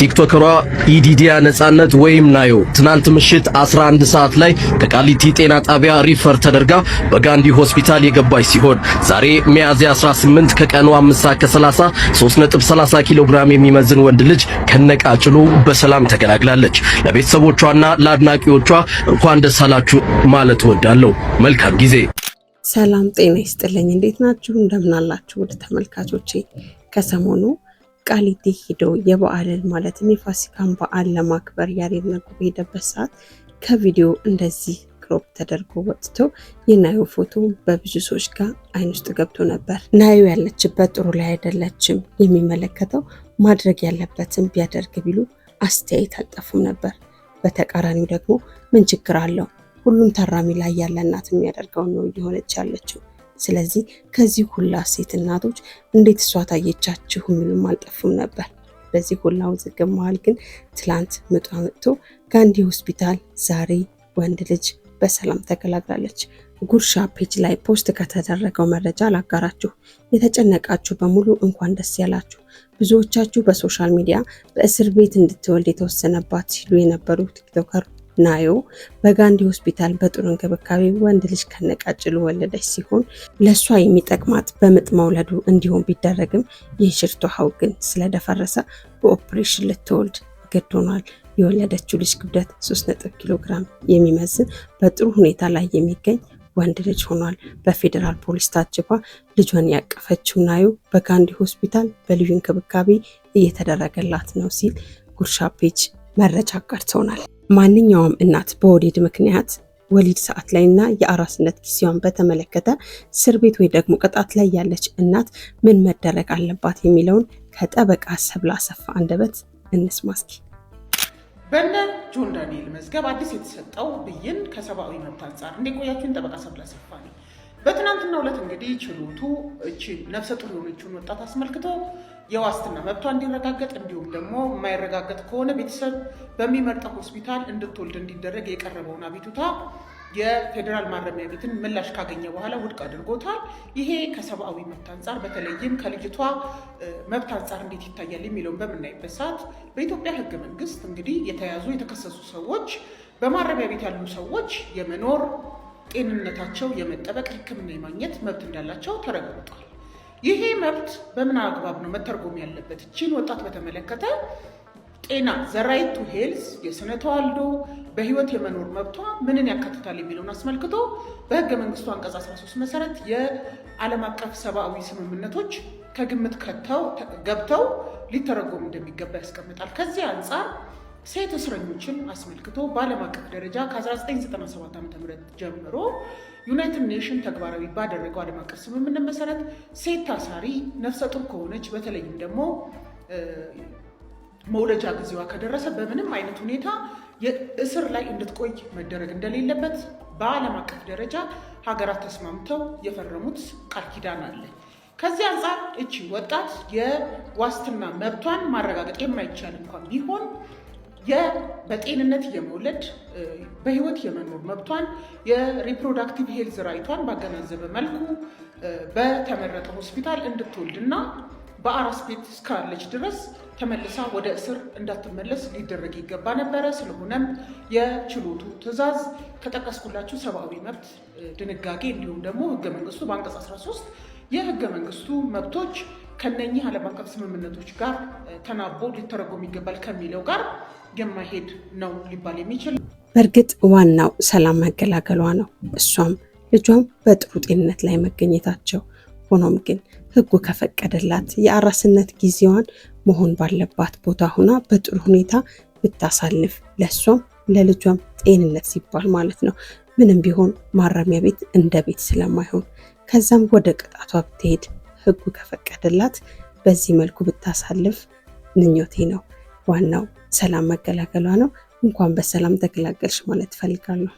ቲክቶከሯ ኢዲዲያ ነጻነት ወይም ናዮ ትናንት ምሽት 11 ሰዓት ላይ ከቃሊቲ ጤና ጣቢያ ሪፈር ተደርጋ በጋንዲ ሆስፒታል የገባች ሲሆን ዛሬ ሚያዝያ 18 ከቀኑ 5 ሰዓት ከ30 3.30 ኪሎ ግራም የሚመዝን ወንድ ልጅ ከነቃጭሉ በሰላም ተገላግላለች። ለቤተሰቦቿና ለአድናቂዎቿ እንኳን ደስ አላችሁ ማለት እወዳለሁ። መልካም ጊዜ። ሰላም ጤና ይስጥልኝ። እንዴት ናችሁ? እንደምን አላችሁ? ወደ ተመልካቾቼ ከሰሞኑ ቃሊቴ ሄደው የበዓልን ማለትም የፋሲካን በዓል ለማክበር ያሬድ ነጉ በሄደበት ሰዓት ከቪዲዮ እንደዚህ ክሮፕ ተደርጎ ወጥቶ የናዩ ፎቶ በብዙ ሰዎች ጋር አይን ውስጥ ገብቶ ነበር። ናዩ ያለችበት ጥሩ ላይ አይደለችም። የሚመለከተው ማድረግ ያለበትን ቢያደርግ ቢሉ አስተያየት አልጠፉም ነበር። በተቃራኒው ደግሞ ምን ችግር አለው? ሁሉም ታራሚ ላይ ያለ እናት የሚያደርገውን ነው እየሆነች ያለችው። ስለዚህ ከዚህ ሁላ ሴት እናቶች እንዴት እሷ ታየቻችሁ የሚሉም አልጠፉም ነበር። በዚህ ሁላ ውዝግብ መሀል ግን ትላንት ምጧ መጥቶ ጋንዲ ሆስፒታል ዛሬ ወንድ ልጅ በሰላም ተገላግላለች። ጉርሻ ፔጅ ላይ ፖስት ከተደረገው መረጃ ላጋራችሁ። የተጨነቃችሁ በሙሉ እንኳን ደስ ያላችሁ። ብዙዎቻችሁ በሶሻል ሚዲያ በእስር ቤት እንድትወልድ የተወሰነባት ሲሉ የነበሩ ቲክቶከር ናዮ በጋንዲ ሆስፒታል በጥሩ እንክብካቤ ወንድ ልጅ ከነቃጭሉ ወለደች ሲሆን ለእሷ የሚጠቅማት በምጥ መውለዱ እንዲሆን ቢደረግም የእንሽርቷ ሐውልት ግን ስለደፈረሰ በኦፕሬሽን ልትወልድ ግድ ሆኗል። የወለደችው ልጅ ክብደት 3 ኪሎ ግራም የሚመዝን በጥሩ ሁኔታ ላይ የሚገኝ ወንድ ልጅ ሆኗል። በፌዴራል ፖሊስ ታጅባ ልጇን ያቀፈችው ናዮ በጋንዲ ሆስፒታል በልዩ እንክብካቤ እየተደረገላት ነው ሲል ጉርሻ ፔጅ መረጃ አጋርተውናል። ማንኛውም እናት በወሊድ ምክንያት ወሊድ ሰዓት ላይ እና የአራስነት ጊዜዋን በተመለከተ እስር ቤት ወይ ደግሞ ቅጣት ላይ ያለች እናት ምን መደረግ አለባት የሚለውን ከጠበቃ ሰብለ አሰፋ አንደበት እንስማ እስኪ። በነ ጆን ዳንኤል መዝገብ አዲስ የተሰጠው ብይን ከሰብአዊ መብት አንጻር እንዴት ቆያችሁን? ጠበቃ ሰብለ አሰፋ ነው። በትናንትናው ዕለት እንግዲህ ችሎቱ እቺ ነፍሰ ጡር የሆነችውን ወጣት አስመልክቶ የዋስትና መብቷ እንዲረጋገጥ እንዲሁም ደግሞ የማይረጋገጥ ከሆነ ቤተሰብ በሚመርጠው ሆስፒታል እንድትወልድ እንዲደረግ የቀረበውን አቤቱታ የፌዴራል ማረሚያ ቤትን ምላሽ ካገኘ በኋላ ውድቅ አድርጎታል። ይሄ ከሰብአዊ መብት አንጻር በተለይም ከልጅቷ መብት አንጻር እንዴት ይታያል የሚለውን በምናይበት ሰዓት በኢትዮጵያ ሕገ መንግስት እንግዲህ የተያዙ የተከሰሱ ሰዎች በማረሚያ ቤት ያሉ ሰዎች የመኖር ጤንነታቸው የመጠበቅ ሕክምና የማግኘት መብት እንዳላቸው ተረጋግጧል። ይሄ መብት በምን አግባብ ነው መተርጎም ያለበት? እቺን ወጣት በተመለከተ ጤና ዘራይት ቱ ሄልዝ የስነ ተዋልዶ በህይወት የመኖር መብቷ ምንን ያካትታል የሚለውን አስመልክቶ በህገ መንግስቱ አንቀጽ 13 መሰረት የዓለም አቀፍ ሰብአዊ ስምምነቶች ከግምት ከተው ገብተው ሊተረጎም እንደሚገባ ያስቀምጣል። ከዚህ አንጻር ሴት እስረኞችን አስመልክቶ በዓለም አቀፍ ደረጃ ከ1997 ዓ ም ጀምሮ ዩናይትድ ኔሽን ተግባራዊ ባደረገው ዓለም አቀፍ ስምምነት መሰረት ሴት ታሳሪ ነፍሰ ጡር ከሆነች በተለይም ደግሞ መውለጃ ጊዜዋ ከደረሰ በምንም አይነት ሁኔታ እስር ላይ እንድትቆይ መደረግ እንደሌለበት በዓለም አቀፍ ደረጃ ሀገራት ተስማምተው የፈረሙት ቃል ኪዳን አለ። ከዚህ አንጻር እቺ ወጣት የዋስትና መብቷን ማረጋገጥ የማይቻል እንኳን ቢሆን በጤንነት የመውለድ በህይወት የመኖር መብቷን የሪፕሮዳክቲቭ ሄልዝ ራይቷን ባገናዘበ መልኩ በተመረጠ ሆስፒታል እንድትወልድና በአራስ ቤት እስካለች ድረስ ተመልሳ ወደ እስር እንዳትመለስ ሊደረግ ይገባ ነበረ። ስለሆነም የችሎቱ ትዕዛዝ ከጠቀስኩላችሁ ሰብአዊ መብት ድንጋጌ እንዲሁም ደግሞ ህገ መንግስቱ በአንቀጽ 13 የህገ መንግስቱ መብቶች ከነኚህ ዓለም አቀፍ ስምምነቶች ጋር ተናቦ ሊተረጎም ይገባል ከሚለው ጋር የማይሄድ ነው ሊባል የሚችል በእርግጥ ዋናው ሰላም መገላገሏ ነው። እሷም ልጇም በጥሩ ጤንነት ላይ መገኘታቸው። ሆኖም ግን ህጉ ከፈቀደላት የአራስነት ጊዜዋን መሆን ባለባት ቦታ ሆና በጥሩ ሁኔታ ብታሳልፍ ለእሷም ለልጇም ጤንነት ሲባል ማለት ነው። ምንም ቢሆን ማረሚያ ቤት እንደ ቤት ስለማይሆን ከዛም ወደ ቅጣቷ ብትሄድ ህጉ ከፈቀደላት በዚህ መልኩ ብታሳልፍ ምኞቴ ነው ዋናው ሰላም መገላገሏ ነው። እንኳን በሰላም ተገላገልሽ ማለት እፈልጋለሁ።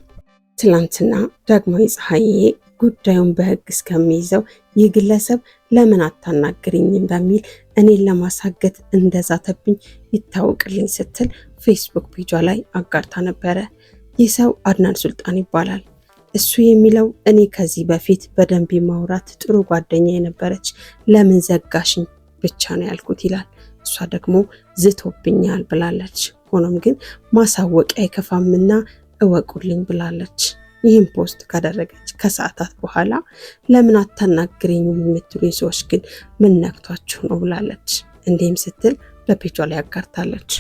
ትላንትና ዳግማዊ ፀሐዬ ጉዳዩን በህግ እስከሚይዘው ይህ ግለሰብ ለምን አታናግርኝም በሚል እኔን ለማሳገት እንደዛተብኝ ይታወቅልኝ ስትል ፌስቡክ ፔጇ ላይ አጋርታ ነበረ። ይህ ሰው አድናን ሱልጣን ይባላል። እሱ የሚለው እኔ ከዚህ በፊት በደንብ ማውራት ጥሩ ጓደኛ የነበረች ለምን ዘጋሽኝ ብቻ ነው ያልኩት ይላል። እሷ ደግሞ ዝቶብኛል ብላለች። ሆኖም ግን ማሳወቂያ አይከፋምና እወቁልኝ ብላለች። ይህም ፖስት ካደረገች ከሰዓታት በኋላ ለምን አታናግረኝም የምትሉኝ ሰዎች ግን ምን ነክቷችሁ ነው ብላለች። እንዲህም ስትል በፔጇ ላይ ያጋርታለች።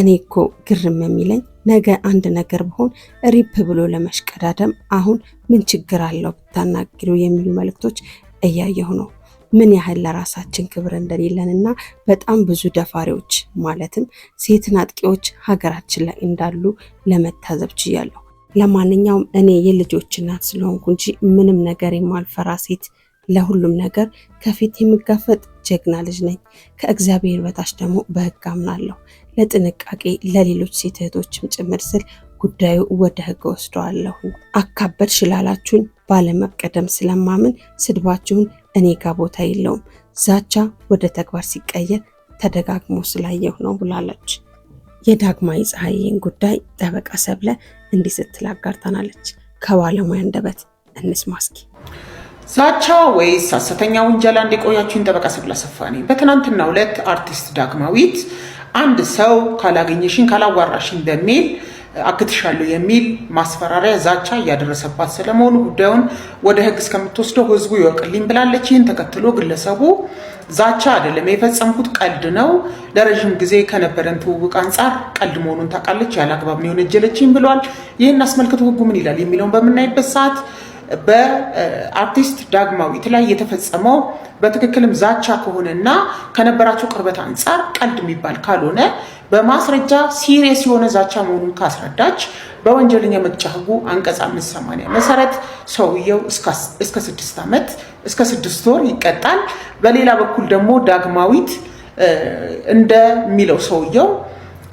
እኔ እኮ ግርም የሚለኝ ነገ አንድ ነገር ብሆን ሪፕ ብሎ ለመሽቀዳደም አሁን ምን ችግር አለው ብታናግሩ የሚሉ መልእክቶች እያየሁ ነው። ምን ያህል ለራሳችን ክብር እንደሌለን እና በጣም ብዙ ደፋሪዎች ማለትም ሴትን አጥቂዎች ሀገራችን ላይ እንዳሉ ለመታዘብ ችያለሁ። ለማንኛውም እኔ የልጆች እናት ስለሆንኩ እንጂ ምንም ነገር የማልፈራ ሴት፣ ለሁሉም ነገር ከፊት የምጋፈጥ ጀግና ልጅ ነኝ። ከእግዚአብሔር በታች ደግሞ በህግ አምናለሁ። ለጥንቃቄ ለሌሎች ሴት እህቶችም ጭምር ስል ጉዳዩ ወደ ህግ ወስደዋለሁ። አካበድ ሽላላችሁን ባለመቀደም ስለማምን ስድባችሁን እኔ ጋር ቦታ የለውም። ዛቻ ወደ ተግባር ሲቀየር ተደጋግሞ ስላየሁ ነው ብላለች። የዳግማዊ ፀሐይን ጉዳይ ጠበቃ ሰብለ እንዲህ ስትል አጋርታናለች። ከባለሙያ አንደበት እንስማ እስኪ። ዛቻ ወይስ ሐሰተኛ ውንጀላ? እንዲቆያችሁን ጠበቃ ሰብለ አሰፋ ነኝ። በትናንትናው ዕለት አርቲስት ዳግማዊት አንድ ሰው ካላገኘሽኝ ካላዋራሽኝ በሚል አክትሻለሁ የሚል ማስፈራሪያ፣ ዛቻ እያደረሰባት ስለመሆኑ ጉዳዩን ወደ ህግ እስከምትወስደው ህዝቡ ይወቅልኝ ብላለች። ይህን ተከትሎ ግለሰቡ ዛቻ አይደለም የፈጸምኩት ቀልድ ነው፣ ለረዥም ጊዜ ከነበረን ትውውቅ አንጻር ቀልድ መሆኑን ታውቃለች፣ ያለ አግባብ ነው የወነጀለችኝ ብሏል። ይህን አስመልክቶ ህጉ ምን ይላል የሚለውን በምናይበት ሰዓት በአርቲስት ዳግማዊት ላይ የተፈጸመው በትክክልም ዛቻ ከሆነና ከነበራቸው ቅርበት አንጻር ቀልድ የሚባል ካልሆነ በማስረጃ ሲሪየስ የሆነ ዛቻ መሆኑን ካስረዳች በወንጀለኛ መቅጫ ሕጉ አንቀጽ አምስት ሰማንያ መሰረት ሰውየው እስከ ስድስት ዓመት እስከ ስድስት ወር ይቀጣል። በሌላ በኩል ደግሞ ዳግማዊት እንደሚለው ሰውየው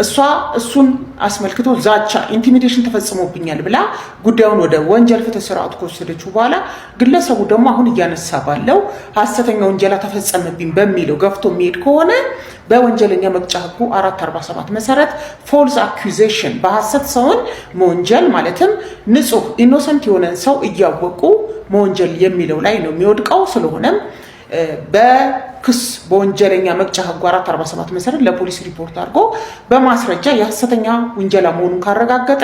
እሷ እሱን አስመልክቶ ዛቻ ኢንቲሚዴሽን ተፈጽሞብኛል ብላ ጉዳዩን ወደ ወንጀል ፍትህ ስርዓቱ ከወሰደችው በኋላ ግለሰቡ ደግሞ አሁን እያነሳ ባለው ሀሰተኛ ወንጀላ ተፈጸመብኝ በሚለው ገፍቶ የሚሄድ ከሆነ በወንጀለኛ መቅጫ ህጉ 447 መሰረት ፎልስ አኪዜሽን በሀሰት ሰውን መወንጀል ማለትም ንጹህ ኢኖሰንት የሆነን ሰው እያወቁ መወንጀል የሚለው ላይ ነው የሚወድቀው። ስለሆነም ክስ በወንጀለኛ መቅጫ ህጉ 447 መሰረት ለፖሊስ ሪፖርት አድርጎ በማስረጃ የሐሰተኛ ውንጀላ መሆኑን ካረጋገጠ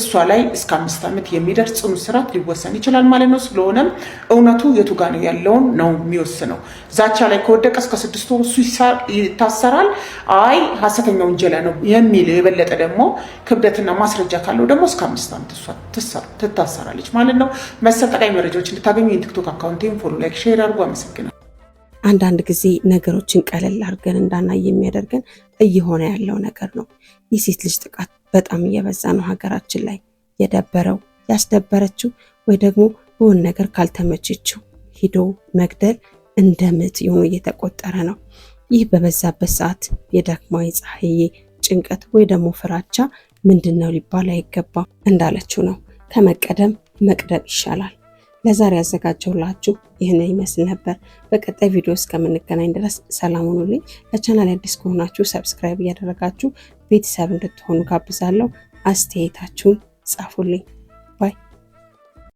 እሷ ላይ እስከ አምስት ዓመት የሚደርስ ጽኑ እስራት ሊወሰን ይችላል ማለት ነው። ስለሆነም እውነቱ የቱ ጋ ነው ያለውን ነው የሚወስነው። ዛቻ ላይ ከወደቀ እስከ ስድስት ወር እሱ ይታሰራል። አይ ሐሰተኛ ውንጀላ ነው የሚል የበለጠ ደግሞ ክብደትና ማስረጃ ካለው ደግሞ እስከ አምስት ዓመት እሷ ትታሰራለች ማለት ነው። መሰል ጠቃሚ መረጃዎች እንድታገኙ የቲክቶክ አካውንቴን ፎሎ፣ ላይክ፣ ሼር አድርጎ አመሰግናል። አንዳንድ ጊዜ ነገሮችን ቀለል አድርገን እንዳናይ የሚያደርገን እየሆነ ያለው ነገር ነው። የሴት ልጅ ጥቃት በጣም እየበዛ ነው ሀገራችን ላይ። የደበረው ያስደበረችው ወይ ደግሞ በሆን ነገር ካልተመቸችው ሂዶ መግደል እንደ ምት የሆኑ እየተቆጠረ ነው። ይህ በበዛበት ሰዓት የደክማዊ ፀሐዬ ጭንቀት ወይ ደግሞ ፍራቻ ምንድን ነው ሊባል አይገባም። እንዳለችው ነው ከመቀደም መቅደም ይሻላል። ለዛሬ ያዘጋጀሁላችሁ ይህንን ይመስል ነበር። በቀጣይ ቪዲዮ እስከምንገናኝ ድረስ ሰላም ሁኑልኝ። ለቻናል አዲስ ከሆናችሁ ሰብስክራይብ እያደረጋችሁ ቤተሰብ እንድትሆኑ ጋብዛለሁ። አስተያየታችሁን ጻፉልኝ።